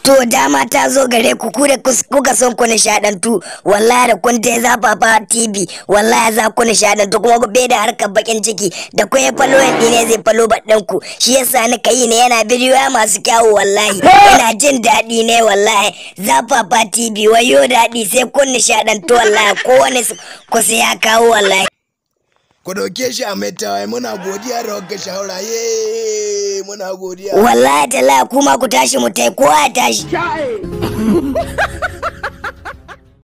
To dama ta zo gare ku ku da kuka son ku nishadantu wallahi da kun ta zafafa TV wallahi za ku nishadantu kuma ku bai da harkar bakin ciki da kun ya falo yan ne zai falo baɗin ku shi yasa ni kai ne yana ya masu kyawu wallahi ina jin daɗi ne wallahi zafafa TV wayo daɗi sai kun nishadantu wallahi wani ku sai ya kawo wallahi. Ku ɗauke shi a mai tawaye muna godiya da wakka shawara yee muna godiya wallahi tala kuma ku tashi mu tai kowa ya tashi